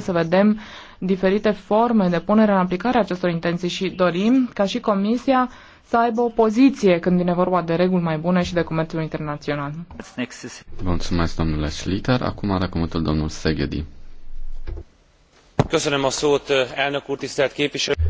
să vedem diferite forme de punere în aplicare a acestor intenții și dorim ca și Comisia să aibă o poziție când vine vorba de reguli mai bune și de comerțul internațional. mulțumesc, domnule Schlitter. Acum are cuvântul domnul Seghedi. Mulțumesc, a Schlitter.